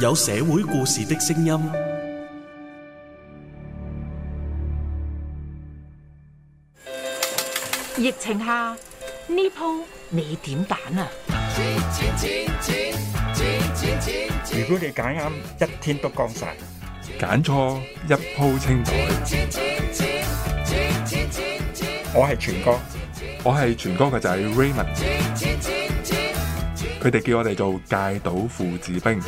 有社會故事的聲音。疫情下呢鋪你點揀啊？如果你揀啱，一天都光晒；揀錯一鋪清袋。我係全哥，我係全哥個仔 Raymond，佢哋叫我哋做戒賭父子兵。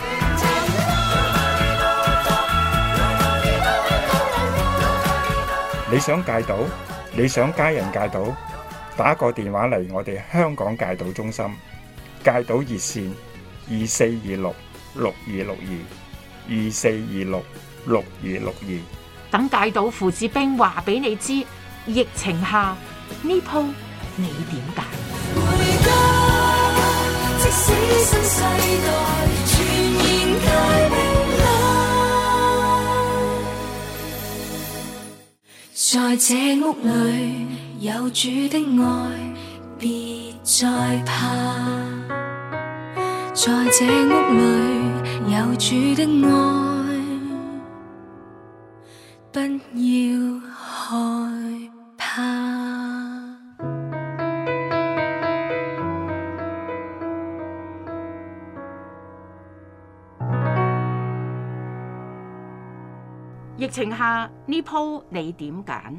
你想戒賭？你想家人戒賭？打個電話嚟我哋香港戒賭中心戒賭熱線二四二六六二六二二四二六六二六二，26, 26 2, 26, 26等戒賭父子兵話俾你知，疫情下呢鋪你點解？在這屋裏有主的愛，別再怕。在這屋裏有主的愛。不要。情下呢鋪你點揀？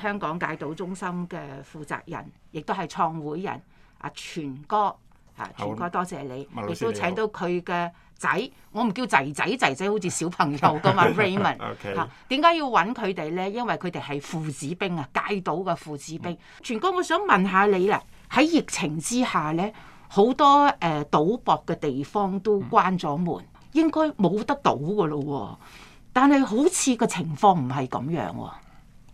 香港戒賭中心嘅負責人，亦都係創會人啊，全哥啊，全哥好多謝你，亦都請到佢嘅仔，好我唔叫仔仔，仔仔好似小朋友噶嘛，Raymond 嚇，點解 Okay.、啊、要揾佢哋咧？因為佢哋係父子兵啊，戒賭嘅父子兵。子兵，嗯、全哥，我想問下你啦，喺疫情之下咧，好多誒、呃、賭博嘅地方都關咗門，嗯、應該冇得賭噶咯喎。但係好似個情況唔係咁樣喎，啊，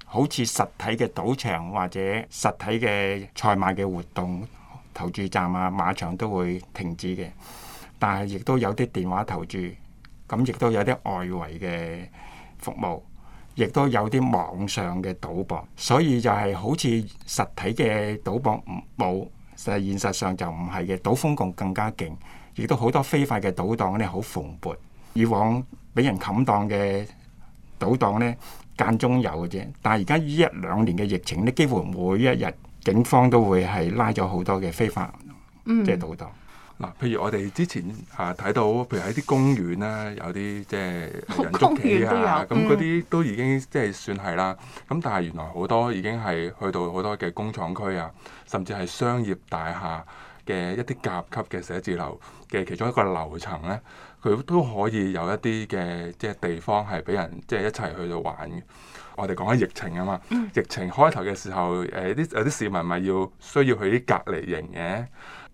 好似實體嘅賭場或者實體嘅賽馬嘅活動投注站啊，馬場都會停止嘅，但係亦都有啲電話投注，咁亦都有啲外圍嘅服務，亦都有啲網上嘅賭博，所以就係好似實體嘅賭博唔冇，就係現實上就唔係嘅，賭風浪更加勁，亦都好多非法嘅賭檔呢，好蓬勃。以往俾人冚檔嘅賭檔呢間中有嘅啫，但係而家呢一兩年嘅疫情呢，呢幾乎每一日警方都會係拉咗好多嘅非法即係賭檔。嗱、嗯，譬如我哋之前啊睇到，譬如喺啲公園啦，有啲即係人捉棋啊，咁嗰啲都已經即係算係啦。咁但係原來好多已經係去到好多嘅工廠區啊，甚至係商業大廈嘅一啲甲級嘅寫字樓嘅其中一個樓層呢。佢都可以有一啲嘅即係地方係俾人即係一齊去到玩嘅。我哋講緊疫情啊嘛，疫情開頭嘅時候，誒啲有啲市民咪要需要去啲隔離營嘅。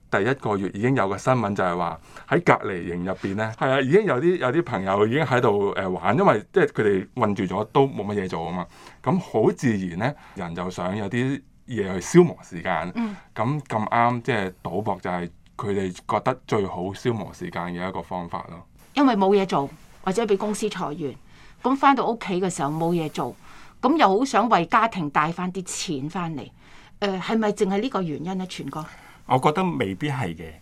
第一個月已經有個新聞就係話、啊，喺隔離營入邊咧，係啊已經有啲有啲朋友已經喺度誒玩，因為即係佢哋困住咗都冇乜嘢做啊嘛。咁好自然咧，人就想有啲嘢去消磨時間，咁咁啱即係賭博就係、是。佢哋覺得最好消磨時間嘅一個方法咯，因為冇嘢做，或者俾公司裁員，咁翻到屋企嘅時候冇嘢做，咁又好想為家庭帶翻啲錢翻嚟，誒係咪淨係呢個原因呢？全哥，我覺得未必係嘅，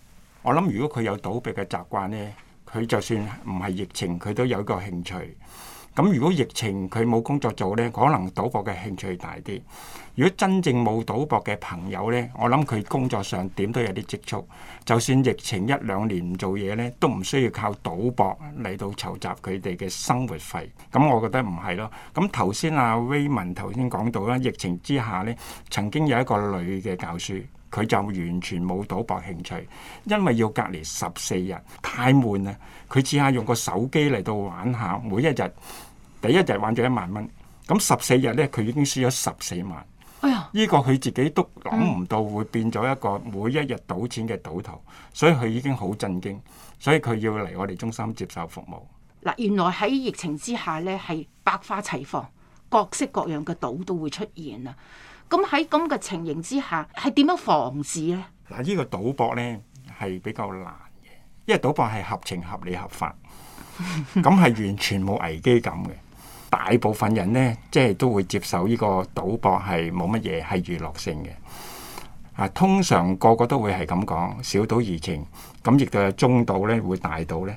我諗如果佢有倒閉嘅習慣呢，佢就算唔係疫情，佢都有個興趣。咁如果疫情佢冇工作做呢，可能賭博嘅興趣大啲。如果真正冇賭博嘅朋友呢，我諗佢工作上點都有啲積蓄。就算疫情一兩年唔做嘢呢，都唔需要靠賭博嚟到籌集佢哋嘅生活費。咁、嗯、我覺得唔係咯。咁、嗯、頭先阿、啊、Raymond 頭先講到啦，疫情之下呢，曾經有一個女嘅教書，佢就完全冇賭博興趣，因為要隔離十四日太悶啦。佢只係用個手機嚟到玩下每一日。第一日玩咗一萬蚊，咁十四日呢，佢已經輸咗十四萬。哎呀呦！依個佢自己都諗唔到會變咗一個每一日賭錢嘅賭徒，所以佢已經好震驚，所以佢要嚟我哋中心接受服務。嗱，原來喺疫情之下呢，係百花齊放，各式各樣嘅賭都會出現啊！咁喺咁嘅情形之下，係點樣防止呢？嗱，依個賭博呢，係比較難嘅，因為賭博係合情合理合法，咁係完全冇危機感嘅。大部分人呢，即係都會接受呢個賭博係冇乜嘢，係娛樂性嘅。啊，通常個個都會係咁講，小賭怡情，咁亦都有中賭呢，會大賭呢，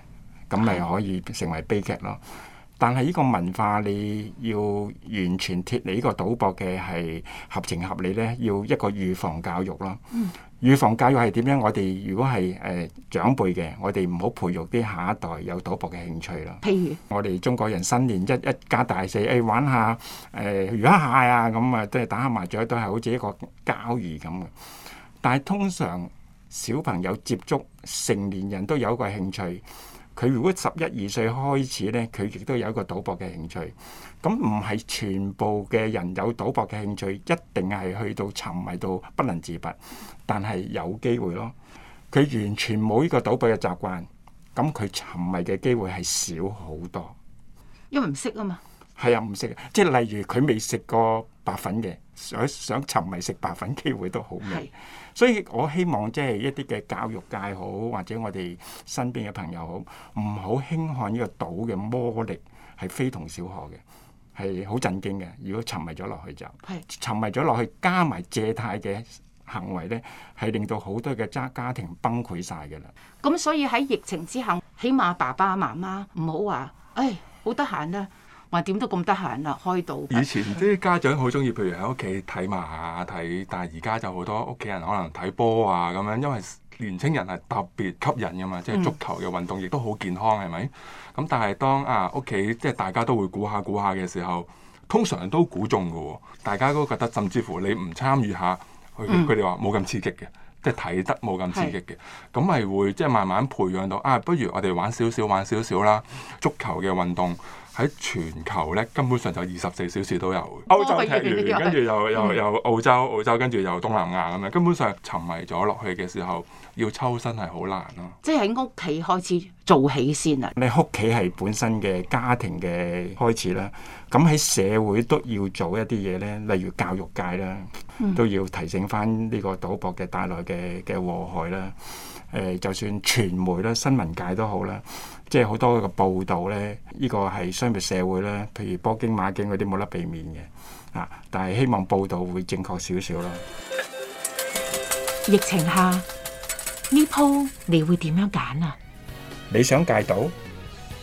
咁咪可以成為悲劇咯。但係呢個文化你要完全脫離呢個賭博嘅係合情合理呢，要一個預防教育咯。嗯預防教育係點呢？我哋如果係誒、呃、長輩嘅，我哋唔好培育啲下一代有賭博嘅興趣咯。譬如我哋中國人新年一一家大細，誒、哎、玩一下誒、呃、魚蝦蟹啊，咁啊，都係打下麻雀，都係好似一個交易咁嘅。但係通常小朋友接觸成年人，都有一個興趣。佢如果十一二歲開始呢，佢亦都有一個賭博嘅興趣。咁唔係全部嘅人有賭博嘅興趣，一定係去到沉迷到不能自拔。但係有機會咯，佢完全冇呢個賭博嘅習慣，咁佢沉迷嘅機會係少好多。因為唔識啊嘛，係啊，唔識，即係例如佢未食過白粉嘅，想想沉迷食白粉機會都好微。是所以我希望即係一啲嘅教育界好，或者我哋身邊嘅朋友好，唔好輕看呢個賭嘅魔力係非同小可嘅。係好震驚嘅，如果沉迷咗落去就，係沉迷咗落去加埋借貸嘅行為咧，係令到好多嘅家家庭崩潰晒㗎喇。咁所以喺疫情之後，起碼爸爸媽媽唔好話，唉、哎，好得閒呀，話點都咁得閒啦，開到以前啲家長好中意，譬如喺屋企睇馬下睇，但係而家就好多屋企人可能睇波啊咁樣，因為。年青人係特別吸引㗎嘛，即係足球嘅運動，亦都好健康係咪？咁，嗯，但係當啊屋企即係大家都會估下估下嘅時候，通常都估中㗎喎，大家都覺得甚至乎你唔參與下，佢佢哋話冇咁刺激嘅，即係睇得冇咁刺激嘅，咁咪，嗯，會即係慢慢培養到啊，不如我哋玩少少玩少少啦，足球嘅運動。喺全球咧，根本上就二十四小時都有。歐洲踢完，來跟住又又又澳洲、嗯、澳洲，跟住又東南亞咁樣，根本上沉迷咗落去嘅時候，要抽身係好難咯。即係喺屋企開始做起先啦。你屋企係本身嘅家庭嘅開始啦，咁喺社會都要做一啲嘢咧，例如教育界啦，嗯、都要提醒翻呢個賭博嘅帶來嘅嘅禍害啦。誒，就算傳媒啦、新聞界都好啦。即係好多個報道咧，呢個係商業社會啦，譬如波經馬經嗰啲冇得避免嘅啊，但係希望報道會正確少少啦。疫情下呢鋪你會點樣揀啊？你想戒賭？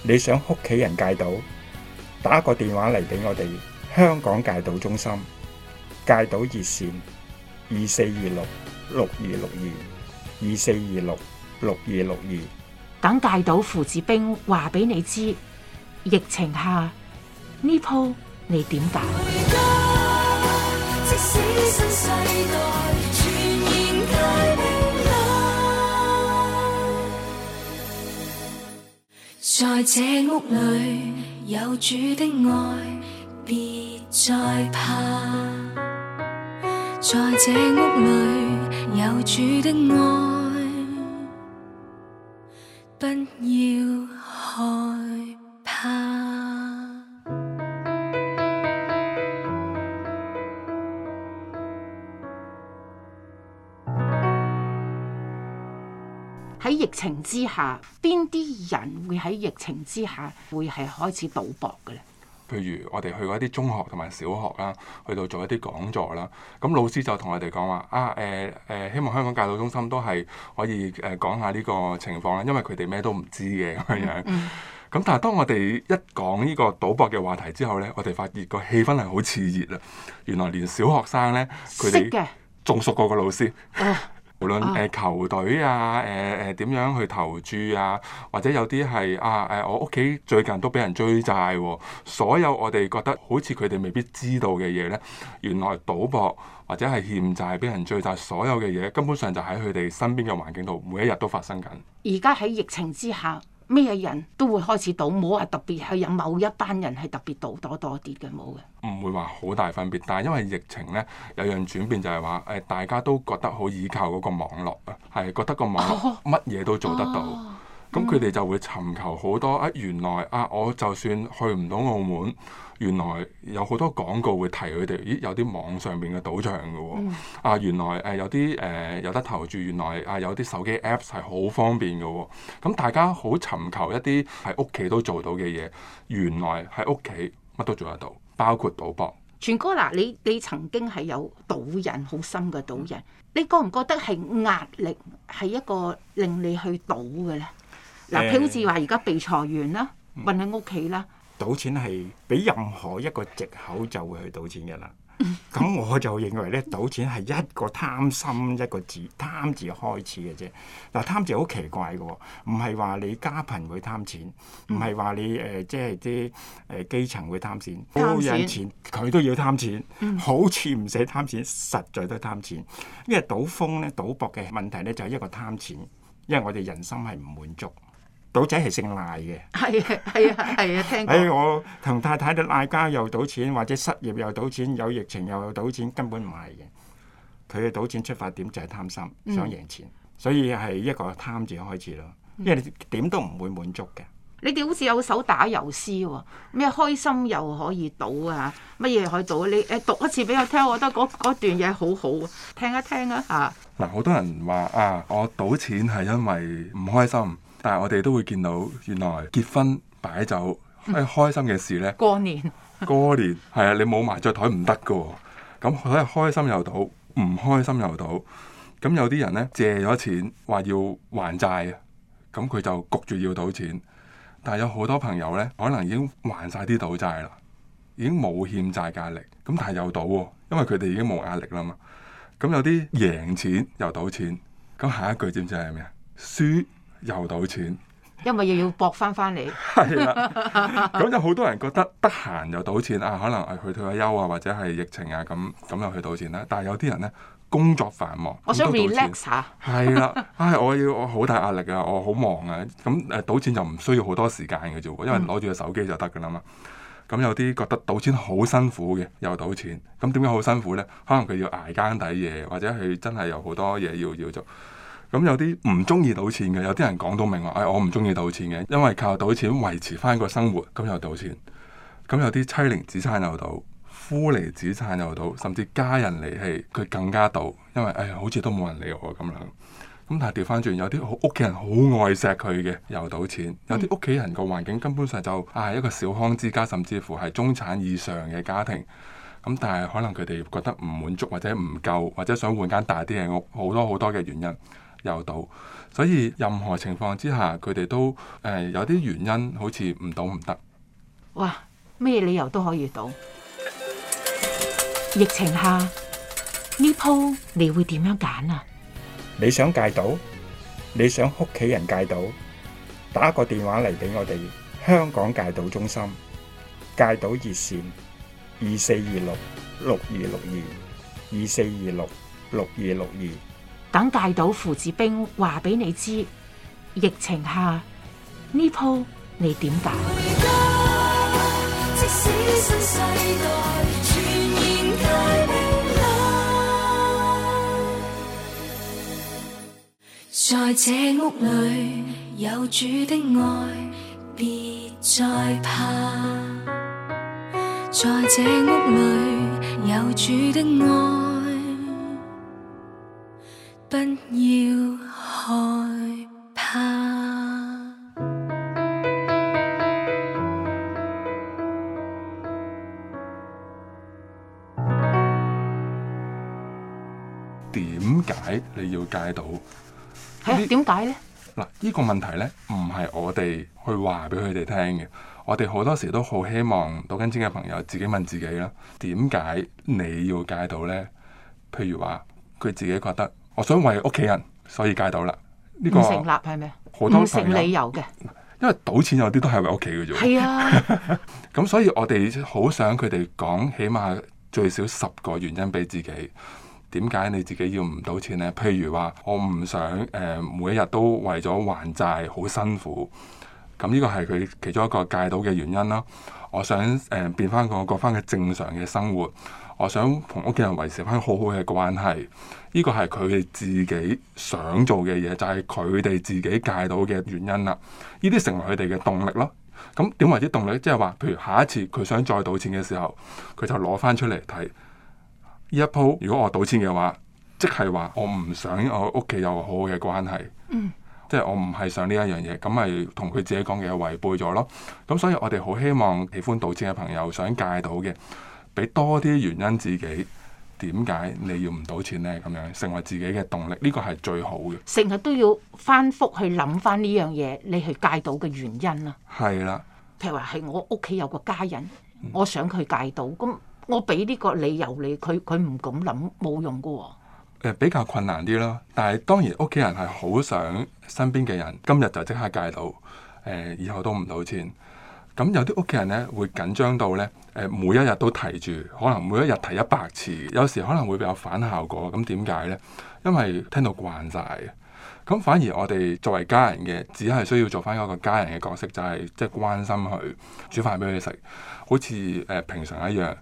你想屋企人戒賭？打個電話嚟俾我哋香港戒賭中心戒賭熱線：二四二六六二六二二四二六六二六二。等大島父子兵話俾你知，疫情下呢鋪你點解？在這屋裏有主的愛，別再怕。在這屋裏有主的愛。不要害怕。喺疫情之下，邊啲人會喺疫情之下會係開始賭博嘅咧？譬如我哋去過一啲中學同埋小學啦，去到做一啲講座啦，咁老師就同我哋講話啊誒誒、呃呃，希望香港戒毒中心都係可以誒講下呢個情況啦，因為佢哋咩都唔知嘅咁樣。咁、嗯嗯、但係當我哋一講呢個賭博嘅話題之後咧，我哋發現個氣氛係好熾熱啊！原來連小學生咧，佢哋仲熟過個老師。啊無論、欸、球隊啊，誒誒點樣去投注啊，或者有啲係啊誒、欸，我屋企最近都俾人追債、啊，所有我哋覺得好似佢哋未必知道嘅嘢，呢，原來賭博或者係欠債俾人追債，所有嘅嘢，根本上就喺佢哋身邊嘅環境度，每一日都發生緊。而家喺疫情之下。咩人都會開始賭，冇話特別係有某一班人係特別賭多多啲嘅，冇嘅。唔會話好大分別，但係因為疫情咧，有樣轉變就係話，誒大家都覺得好倚靠嗰個網絡啊，係覺得個網絡乜嘢都做得到。Oh. Oh. 咁佢哋就會尋求好多啊！原來啊，我就算去唔到澳門，原來有好多廣告會提佢哋。咦，有啲網上面嘅賭場嘅喎、哦嗯、啊！原來誒、啊、有啲誒、啊、有得投注，原來啊有啲手機 Apps 係好方便嘅喎、哦。咁、啊、大家好尋求一啲喺屋企都做到嘅嘢，原來喺屋企乜都做得到，包括賭博。全哥嗱，你你曾經係有賭癮，好深嘅賭癮，你覺唔覺得係壓力係一個令你去賭嘅咧？嗱，佢好似話而家被裁員啦，瞓喺屋企啦。賭錢係俾任何一個藉口就會去賭錢嘅啦。咁 我就認為咧，賭錢係一個貪心一個字貪字開始嘅啫。嗱，貪字好奇怪嘅，唔係話你家貧會貪錢，唔係話你誒、呃、即係啲誒基層會貪錢，好有錢佢都要貪錢， 好似唔使貪錢，實在都係貪錢。因為賭風咧，賭博嘅問題咧就係、是、一個貪錢，因為我哋人心係唔滿足。賭仔係姓賴嘅，係 啊係啊係啊，聽過。哎、我同太太嘅嗌交，又賭錢，或者失業又賭錢，有疫情又賭錢，根本唔係嘅。佢嘅賭錢出發點就係貪心，嗯、想贏錢，所以係一個貪字開始咯。因為你點都唔會滿足嘅。嗯、你哋好似有首打油詩喎、哦，咩開心又可以賭啊，乜嘢可以賭、啊？你誒讀一次俾我聽，我覺得嗰段嘢好好，啊，聽一聽啊嚇。嗱、啊，好多人話啊，我賭錢係因為唔開心。但係我哋都會見到，原來結婚擺酒係、哎、開心嘅事呢，過年過年係啊， 你冇麻雀枱唔得㗎。咁佢係開心又賭，唔開心又賭。咁有啲人呢，借咗錢，話要還債，咁佢就焗住要賭錢。但係有好多朋友呢，可能已經還晒啲賭債啦，已經冇欠債壓力，咁但係又賭喎，因為佢哋已經冇壓力啦嘛。咁有啲贏錢又賭錢，咁下一句知唔知係咩啊？輸。又賭錢，因為又要搏翻翻嚟。係啦， 咁有好多人覺得得閒又賭錢啊，可能係去退下休啊，或者係疫情啊，咁咁就去賭錢啦。但係有啲人咧，工作繁忙，我想 relax 下。係 啦，唉、哎，我要我好大壓力啊，我好忙啊。咁誒賭錢就唔需要好多時間嘅啫，因為攞住個手機就得㗎啦嘛。咁、嗯、有啲覺得賭錢好辛苦嘅，又賭錢。咁點解好辛苦咧？可能佢要捱更底夜，或者佢真係有好多嘢要要做。咁有啲唔中意賭錢嘅，有啲人講到明話，哎，我唔中意賭錢嘅，因為靠賭錢維持翻個生活，咁又賭錢。咁有啲妻離子散又賭，夫離子散又賭，甚至家人離棄，佢更加賭，因為哎，好似都冇人理我咁樣。咁但係調翻轉，有啲好屋企人好愛錫佢嘅，又賭錢。有啲屋企人個環境根本上就係、哎、一個小康之家，甚至乎係中產以上嘅家庭。咁但係可能佢哋覺得唔滿足，或者唔夠，或者想換間大啲嘅屋，好多好多嘅原因。有賭，所以任何情況之下，佢哋都誒、呃、有啲原因，好似唔賭唔得。哇！咩理由都可以賭。疫情下呢鋪你會點樣揀啊你？你想戒賭？你想屋企人戒賭？打個電話嚟，俾我哋香港戒賭中心戒賭熱線：二四二六六二六二二四二六六二六二。等戒到父子兵話俾你知，疫情下呢鋪你點解？即使新世代，在這屋裏，有主的愛，別再怕。在這屋裏有主的愛。不要害怕。點解你要戒到？係啊的？點解你呢？嗱，呢個問題呢，唔係 我哋去話俾佢哋聽嘅。我哋好多時都好希望到根尖嘅朋友自己問自己啦。點解你要戒到呢？」譬如話佢自己覺得。我想為屋企人，所以戒賭啦。呢、呢個唔成立係咩？唔成理由嘅，因為賭錢有啲都係為屋企嘅啫。係啊，咁 所以我哋好想佢哋講，起碼最少十個原因俾自己，點解你自己要唔賭錢呢？譬如話我唔想誒，每一日都為咗還債好辛苦。咁呢個係佢其中一個戒賭嘅原因啦。我想誒變翻個過翻嘅正常嘅生活，我想同屋企人維持翻好好嘅關係，呢個係佢哋自己想做嘅嘢，就係佢哋自己戒到嘅原因啦。呢啲成為佢哋嘅動力咯。咁點為啲動力？即係話，譬如下一次佢想再賭錢嘅時候，佢就攞翻出嚟睇呢一鋪。如果我賭錢嘅話，即係話我唔想我屋企有好好嘅關係。嗯即係我唔係想呢一樣嘢，咁咪同佢自己講嘅違背咗咯。咁所以我哋好希望喜歡賭錢嘅朋友想戒賭嘅，俾多啲原因自己點解你要唔賭錢呢？咁樣成為自己嘅動力，呢個係最好嘅。成日都要翻覆去諗翻呢樣嘢，你去戒賭嘅原因啦。係啦，譬如話係我屋企有個家人，嗯、我想佢戒賭，咁我俾呢個理由你，佢佢唔敢諗，冇用噶喎、哦呃。比較困難啲咯，但係當然屋企人係好想。身邊嘅人今日就即刻戒到，呃，以後都唔賭錢。咁有啲屋企人呢，會緊張到呢，誒每一日都提住，可能每一日提一百次，有時可能會比較反效果。咁點解呢？因為聽到慣晒。咁反而我哋作為家人嘅，只係需要做翻一個家人嘅角色，就係即係關心佢，煮飯俾佢食，好似誒平常一樣，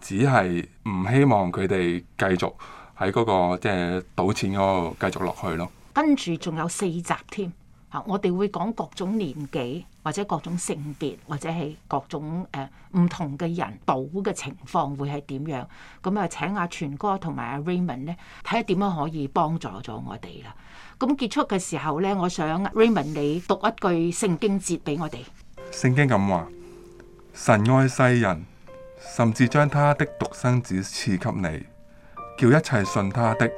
只係唔希望佢哋繼續喺嗰個即係賭錢嗰個繼續落去咯。跟住仲有四集添啊！我哋會講各種年紀或者各種性別或者係各種誒唔同嘅人度嘅情況會係點樣咁啊？請阿全哥同埋阿 Raymond 咧，睇下點樣可以幫助咗我哋啦。咁結束嘅時候咧，我想 Raymond 你讀一句聖經節俾我哋。聖經咁話：神愛世人，甚至將他的獨生子賜給你，叫一切信他的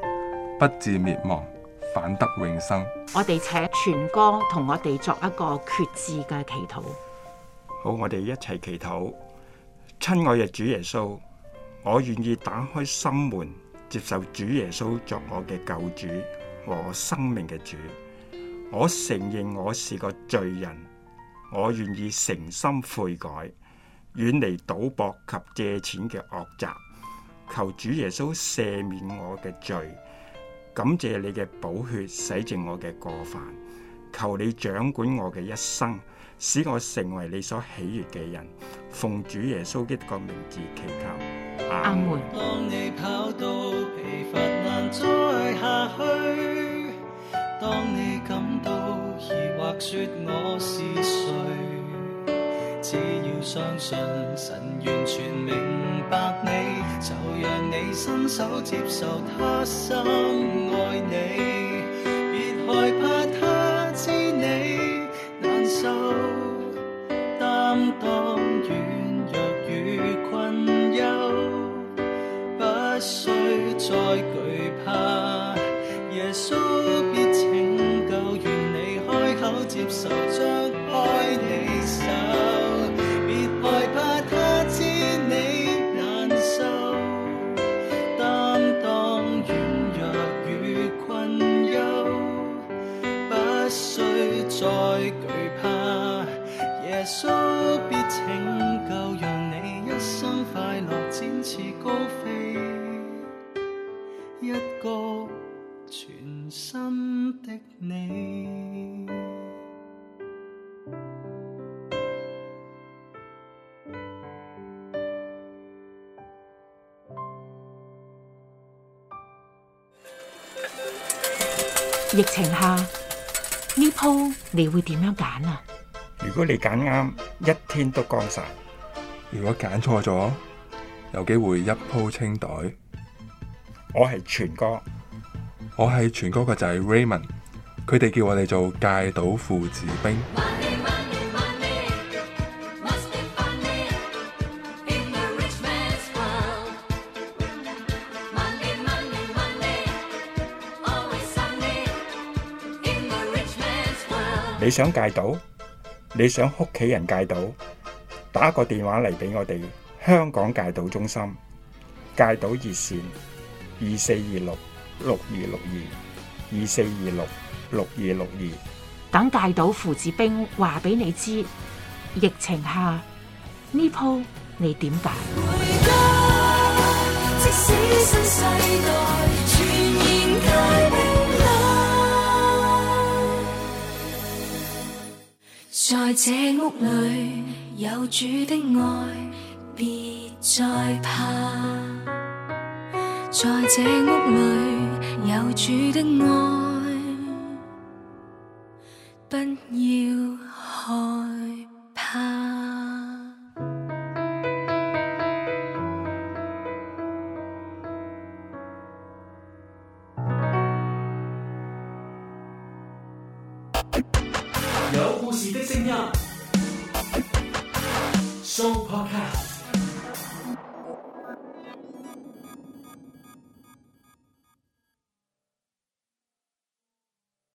不至滅亡。反得永生。我哋請全哥同我哋作一個決志嘅祈禱。好，我哋一齊祈禱。親愛嘅主耶穌，我願意打開心門，接受主耶穌作我嘅救主和我生命嘅主。我承認我是個罪人，我願意誠心悔改，遠離賭博及借錢嘅惡習。求主耶穌赦免我嘅罪。感謝你嘅補血，洗淨我嘅過犯，求你掌管我嘅一生，使我成為你所喜悅嘅人。奉主耶穌嘅個名字祈求。阿門。當你跑到疲乏難再下去，當你感到疑惑說我是誰，只要相信神完全明白。就讓你伸手接受他深愛你，別害怕他知你難受，擔當軟弱與困憂，不需再懼。疫情下呢鋪你會點樣揀啊？如果你揀啱，一天都光晒；如果揀錯咗，有機會一鋪清袋。我係全哥，我係全哥個仔 Raymond，佢哋叫我哋做戒賭父子兵。你想戒賭？你想屋企人戒賭？打個電話嚟俾我哋香港戒賭中心戒賭熱線二四二六六二六二二四二六六二六二。等戒賭父子兵話俾你知，疫情下呢鋪你點辦？在這屋裏有主的愛，別再怕。在這屋裏有主的愛。不要。